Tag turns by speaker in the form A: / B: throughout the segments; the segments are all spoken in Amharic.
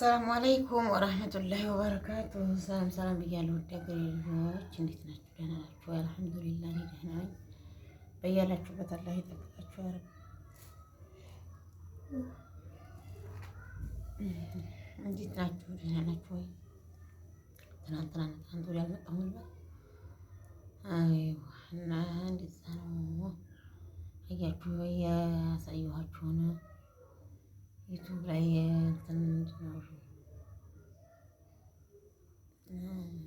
A: አሰላሙ አለይኩም ወረህመቱላሂ ወበረካቱ። ሰላም ሰላም ብያለሁ። ወዳገሬ ልጆች እንዴት ናችሁ? ደህና ናችሁ? አልሐምዱሊላህ ደህና ነኝ። በያላችሁበት አላህ ይጠብቃችሁ። ኧረ እንዴት ናችሁ? ደህና ናችሁ ወይ? ትናንትና ትናንት ወዲያ አልመጣሁም ነበር። እና እንደዚያ ነው። አያችሁ ወይ ያሳየኋችሁን ዩቲዩብ ላይ እንትን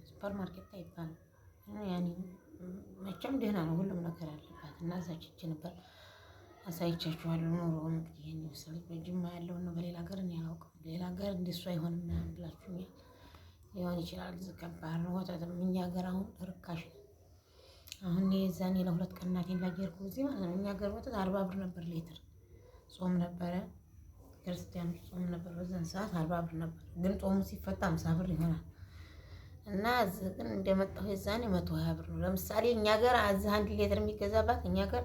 A: ሱፐር ማርኬት አይባልም። ያኔ መቼም ደህና ነው ሁሉም ነገር አለባት እና እዛ ችች ነበር አሳይቻችኋለሁ። ኖሮ እንግዲህ ይህን ይመስላል። በጅማ ያለው ነው። በሌላ ሀገር እኔ አላውቅም። ሌላ ሀገር እንደሱ አይሆንም ምናምን ብላችሁኛል። ሊሆን ይችላል። ከባድ ነው ወተትም እኛ ሀገር አሁን ርካሽ ነው። አሁን የዛኔ ለሁለት ቀን እናቴን ላየርኩ ጊዜ ማለት ነው እኛ ሀገር ወተት አርባ ብር ነበር ሌትር ጾም ነበረ ክርስቲያኖች ጾም ነበር። በዛን ሰዓት አርባ ብር ነበር፣ ግን ጾሙ ሲፈታ አምሳ ብር ይሆናል እና እዚህ ግን እንደመጣሁ የዛኔ መቶ ሀያ ብር ነው። ለምሳሌ እኛ ገር እዚህ አንድ ሌትር የሚገዛባት እኛ ገር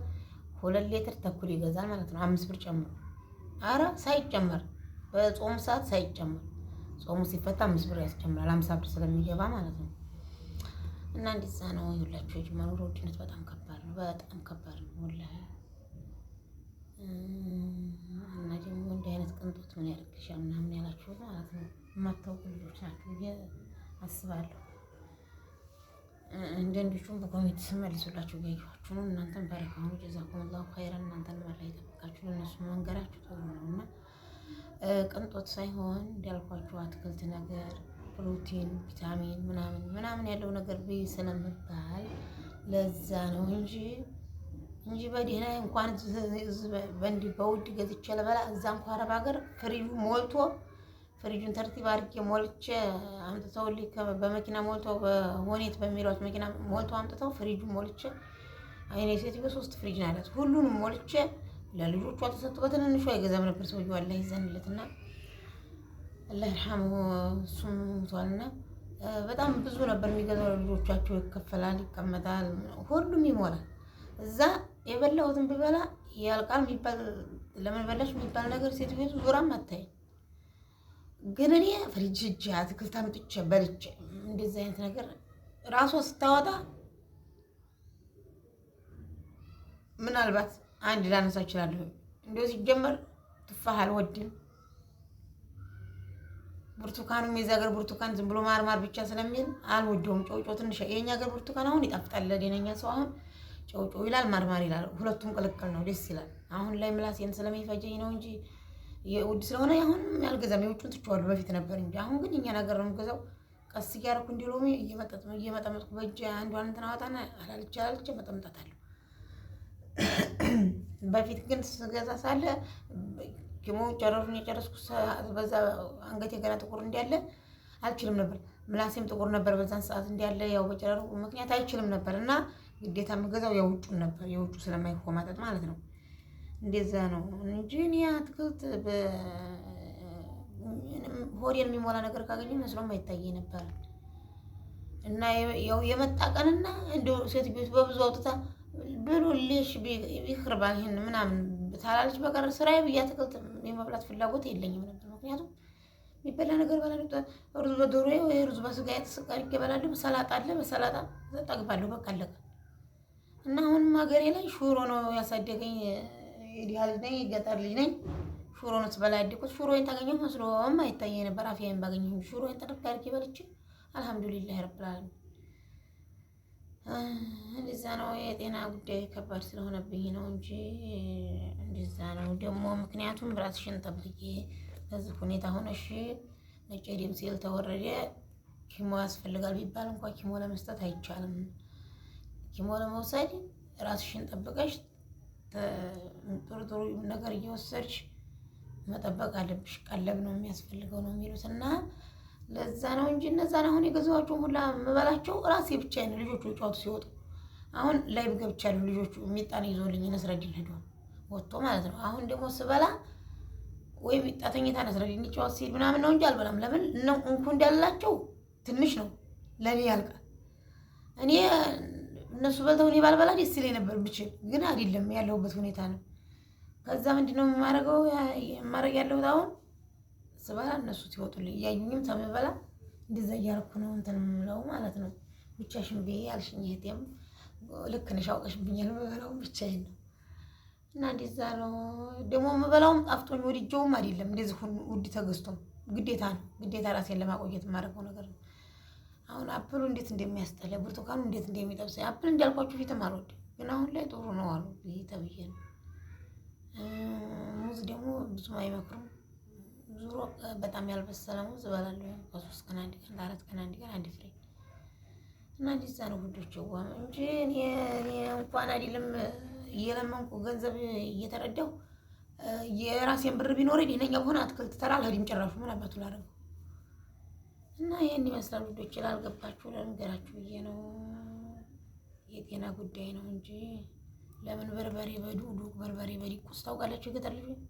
A: ሁለት ሌትር ተኩል ይገዛል ማለት ነው። አምስት ብር ጨምሮ አረ ሳይጨመር በጾሙ ሰዓት ሳይጨመር ጾሙ ሲፈታ አምስት ብር ያስጨምራል፣ አምሳ ብር ስለሚገባ ማለት ነው። እና እንዲዛ ነው ይሁላችሁ። የጅማ ኑሮ ውድነት በጣም ከባድ ነው፣ በጣም ከባድ ነው ሁላ እና ደግሞ እንዲህ አይነት ቅንጦት ምን ያደርግሻል ምናምን ያላችሁ ማለት ነው የማታውቁ ልጆች ናቸው ብዬ አስባለሁ። አንዳንዶቹም በኮሜንት ስመልሱላችሁ እያየኋችሁ ነው። እናንተም ባሪክ ጀዛኩሙላሁ ኸይረን። እናንተን መላ የጠበቃችሁ ለእነሱ መንገዳችሁ ጥሩ ነው እና ቅንጦት ሳይሆን እንዳልኳችሁ አትክልት ነገር ፕሮቲን፣ ቪታሚን ምናምን ምናምን ያለው ነገር ብይ ስለምባል ለዛ ነው እንጂ እንጂ በደህና እንኳን በእንዲህ በውድ ገዝቼ ልበላ እዛ እንኳ አረብ ሀገር ፍሪጁ ሞልቶ ፍሪጁን ተርቲብ አድርጌ ሞልቼ አምጥተውልኝ በመኪና ሞልቶ በሆኔት በሚሏት መኪና ሞልቶ አምጥተው ፍሪጁ ሞልቼ አይኔ ሴትዮ ሶስት ፍሪጅ ነው ሁሉንም ሞልቼ ለልጆቿ ተሰጥቶ በትንንሹ አይገዛም ነበር ሰውዬው አላህ ይዘንለትና አላህ ይርሐመው እሱም ሞቷልና በጣም ብዙ ነበር የሚገዛው። ለልጆቻቸው ይከፈላል፣ ይቀመጣል፣ ሁሉም ይሞላል እዛ የበላሁትን ብበላ ያልቃል የሚባል ለምን በላሽ የሚባል ነገር ሴት ቤቱ ዙራም አታይ። ግን እኔ ፍሪጅ እጅ አትክልት አምጥቼ በልቼ እንደዚህ አይነት ነገር ራሷ ስታወጣ ምናልባት አንድ ላነሳ እችላለሁ። እንደው ሲጀመር ትፋህ አልወድም። ብርቱካኑም የዚህ ሀገር ብርቱካን ዝም ብሎ ማርማር ብቻ ስለሚል አልወደውም። ጨውጮ ትንሽ የእኛ ሀገር ብርቱካን አሁን ይጣፍጣል ለጤነኛ ሰው አሁን ጨው ይላል ማርማር ይላል። ሁለቱም ቅልቅል ነው፣ ደስ ይላል። አሁን ላይ ምላሴን ስለሚፈጀኝ ነው እንጂ ውድ ስለሆነ አሁንም ያልገዛም የውጭን ትቼዋለሁ። በፊት ነበር እንጂ አሁን ግን እኛ ነገር ነው ገዛው። ቀስ እያደረኩ እንዲ ሎሚ እየመጠመጥኩ በእጅ አንዷን እንትን አወጣና አላልቼ አላልቼ መጠምጣታለሁ። በፊት ግን ስገዛ ሳለ ኪሞ ጨረሩን የጨረስኩ በዛ አንገቴ ገና ጥቁር እንዲያለ አልችልም ነበር። ምላሴም ጥቁር ነበር በዛን ሰዓት እንዲያለ ያው በጨረሩ ምክንያት አይችልም ነበር እና ግዴታ የምገዛው የውጩን ነበር። የውጩ ስለማይኮማጠጥ ማለት ነው። እንደዛ ነው እንጂ እኔ አትክልት ሆዴን የሚሞላ ነገር ካገኘ መስሎም አይታየኝ ነበር። እና ያው የመጣ ቀንና እንደ ሴትዮች በብዙ አውጥታ ብሎ ሌሽ ይክርባል ይህን ምናምን ታላለች። በቀር ስራዬ ብዬ አትክልት የመብላት ፍላጎት የለኝም ነበር። ምክንያቱም የሚበላ ነገር ባላ ሩዝ በዶሮ ወይ ሩዝ በስጋ የተሰቃሪ ይበላል። ሰላጣ አለ በሰላጣ ጠግባለሁ። በቃ አለቀ። እና አሁንም ሀገሬ ላይ ሹሮ ነው ያሳደገኝ። ኢዲያል ነኝ፣ ገጠር ልጅ ነኝ። ሹሮ ነው ስበላ ያደኩት። ሹሮዬን ታገኘሁ መስሎም አይታየኝ ነበር። አፍያን ባገኘሁ ሹሮዬን ጥርት አድርጌ በልቼ አልሐምዱሊላህ ረብል እንደዛ ነው የጤና ጉዳይ ከባድ ስለሆነብኝ ነው እንጂ እንደዛ ነው ደግሞ። ምክንያቱም ብራትሽን ጠብቄ በዚህ ሁኔታ ሆነሽ ነጭ ደም ሴል ተወረደ ኪሞ ያስፈልጋል ቢባል እንኳ ኪሞ ለመስጠት አይቻልም። ኪሞነ መውሰድ ራስሽን ጠብቀሽ ጥሩ ጥሩ ነገር እየወሰድሽ መጠበቅ አለብሽ። ቀለብ ነው የሚያስፈልገው ነው የሚሉት እና ለዛ ነው እንጂ እነዛን አሁን የገዛኋቸውን ሁላ የምበላቸው ራሴ ብቻ ነው። ልጆቹ ጫወቱ ሲወጡ አሁን ላይብ ገብቻለሁ። ልጆቹ የሚጣን ይዞልኝ ነስረዲን ሄዷል ወጥቶ ማለት ነው። አሁን ደግሞ ስበላ ወይ ሚጣተኝታ ነስረዲን ጫወት ሲሄድ ምናምን ነው እንጂ አልበላም። ለምን ነው እንኩ እንዳላቸው ትንሽ ነው ለኔ ያልቃል እኔ እነሱ በልተው እኔ ባልበላ ደስ ይለኝ ነበር ብችል፣ ግን አይደለም ያለሁበት ሁኔታ ነው። ከዛ ምንድነው የማረገው የማረግ ያለሁት አሁን ስበላ እነሱ ሲወጡልኝ እያዩኝም ተምበላ እንደዛ እያረኩ ነው እንትን የምለው ማለት ነው። ብቻሽን ብዬ ያልሽኝ እህቴም ልክ ነሽ ብኛል። የምበላው ብቻዬን ነው እና እንደዛ ነው ደግሞ የምበላውም ጣፍጦኝ ወድጄውም አይደለም እንደዚህ ውድ ተገዝቶም ግዴታ ነው ግዴታ ራሴን ለማቆየት የማደርገው ነገር ነው። አሁን አፕሉ እንዴት እንደሚያስጠላ ብርቱካኑ እንዴት እንደሚጠብሰ አፕል እንዳልኳችሁ ፊትም አልወድም፣ ግን አሁን ላይ ጥሩ ነው አሉ ይህ ተብዬ ነው። ሙዝ ደግሞ ብዙም አይመክሩም። ዙሮ በጣም ያልበሰለ ሙዝ እበላለሁ ከሶስት ቀን አንድ ቀን ለአራት ቀን አንድ ቀን አንድ ፍሬ እና እንደዛ ነው ጉዶች ዋ እንጂ እንኳን አይደለም እየለመንኩ ገንዘብ እየተረዳሁ የራሴን ብር ቢኖረኝ ሌላኛ በሆነ አትክልት ተራ አልሄድም ጭራሹ ምን አባቱ ላደርግ እና ይህን ይመስላል ውዶች። ላልገባችሁ ለነገራችሁ ብዬ ነው። የጤና ጉዳይ ነው እንጂ ለምን በርበሬ በዱዱ በርበሬ በዲቁስ ታውቃላችሁ? የገጠር ልጆች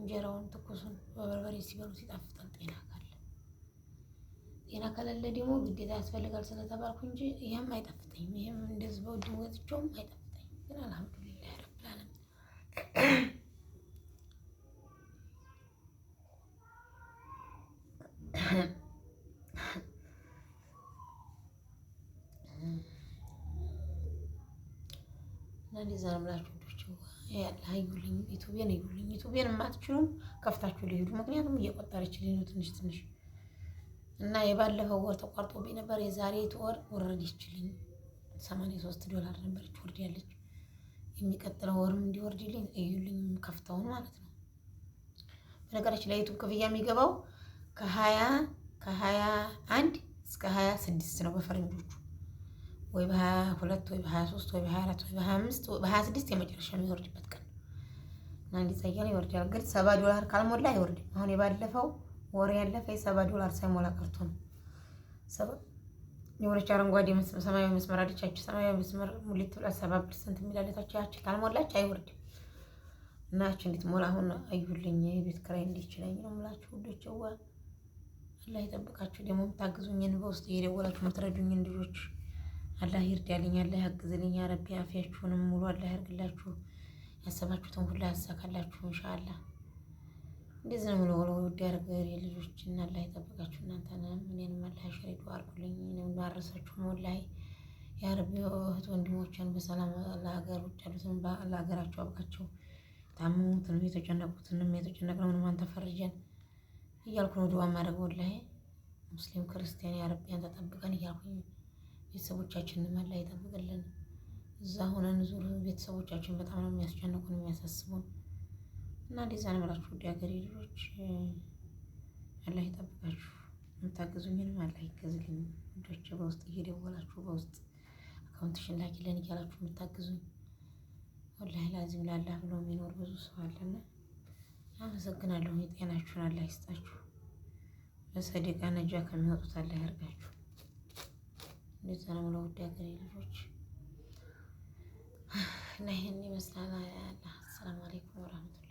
A: እንጀራውን ትኩሱን በበርበሬ ሲበሉ ሲጣፍጣል። ጤና ካለ ጤና ከሌለ ደግሞ ግዴታ ያስፈልጋል ስለተባልኩ እንጂ ይህም አይጣፍጠኝም። ይህም እንደዚህ በውድ ገዝቼውም አይጣፍጠኝም። ግን አልሐምዱሊላህ ረብል ዓለሚን እና እንደዛ ነው ብላችሁ ልጆች ያለ ሀዩልኝ የማትችሉም ከፍታችሁ ሊሄዱ ምክንያቱም እየቆጠረችልኝ ነው ትንሽ ትንሽ እና የባለፈው ወር ተቋርጦብኝ ነበር። የዛሬ ወር ወረደችልኝ። ሰማንያ ሶስት ዶላር ነበረች ወርድ ያለች። የሚቀጥለው ወርም እንዲወርድልኝ እዩልኝ ከፍተውን ማለት ነው። በነገራችን ላይ ዩቱብ ክፍያ የሚገባው ከሀያ ከሀያ አንድ እስከ ሀያ ስድስት ነው በፈረንጆቹ ወይ በሀያ ሁለት ወይ በሀያ ሶስት ወይ በሀያ አራት ወይ በሀያ አምስት በሀያ ስድስት የመጨረሻ የሚወርድበት ቀን እና እንደዚያ እያለ ይወርዳል። ግን ሰባ ዶላር ካልሞላ አይወርድም። አሁን የባለፈው ወር ያለፈ የሰባ ዶላር ሳይሞላ ቀርቶ ነው። የሆነች አረንጓዴ ሰማያዊ መስመር አለቻቸው። ሰማያዊ መስመር ሙሌት ብላ ሰባ ፐርሰንት የሚላለታቸው ያች ካልሞላች አይወርድም። እናች እንዴት ሞላ አሁን አዩልኝ። የቤት ክራይ እንዴት ነው የምላችሁ ሁሎች ዋ አላህ ይጠብቃችሁ። ደግሞ የምታግዙኝን በውስጥ እየደወላችሁ የምትረዱኝን ልጆች አላህ ይርዳልኝ፣ አላህ ያግዝልኝ። ያ ረቢ አፊያችሁንም ሙሉ አላህ ያርግላችሁ፣ ያሰባችሁትን ሁላ ያሳካላችሁ እንሻአላ። እንደዚህ ነው ብሎ ውድ ያርገር እና አላህ ይጠብቃችሁ። እናንተንም እኔንም አላህ ሸሪዱ አርጉልኝ። ባረሳችሁም ወላሂ ያ ረቢ እህት ወንድሞችን በሰላም ለሀገር ውጭ ያሉትን ለሀገራቸው አብቃቸው። ታመሙትንም የተጨነቁትንም የተጨነቅነውንም አንተ ፈርጀን እያልኩ ነው ድዋ ማድረግ ወላይ ሙስሊም ክርስቲያን ያ ረቢ አንተ ጠብቀን እያልኩኝ ቤተሰቦቻችንን መላ ይጠብቅልን። እዛ ሆነን ዙር ቤተሰቦቻችን በጣም ነው የሚያስጨንቁን የሚያሳስቡን እና እንደዛ ነበራችሁ ውድ ሀገሬ ልጆች አላህ ይጠብቃችሁ። የምታግዙኝንም አላህ ይገዝልኝ። ልጆች በውስጥ እየደወላችሁ በውስጥ አካውንትሽን ላኪልን እያላችሁ የምታግዙኝ ወላሂ ላዚም ላላህ ብሎ የሚኖር ብዙ ሰው አለና አመሰግናለሁ። የጤናችሁን አላህ ይስጣችሁ። በሰደቃ ነጃ ከሚወጡት አላህ ያርጋችሁ። እንደዛ ነው ብለው ውድ ሀገሬ ልጆች እና ይህን ይመስላል። አላ አሰላሙ አሌይኩም ወረመቱላ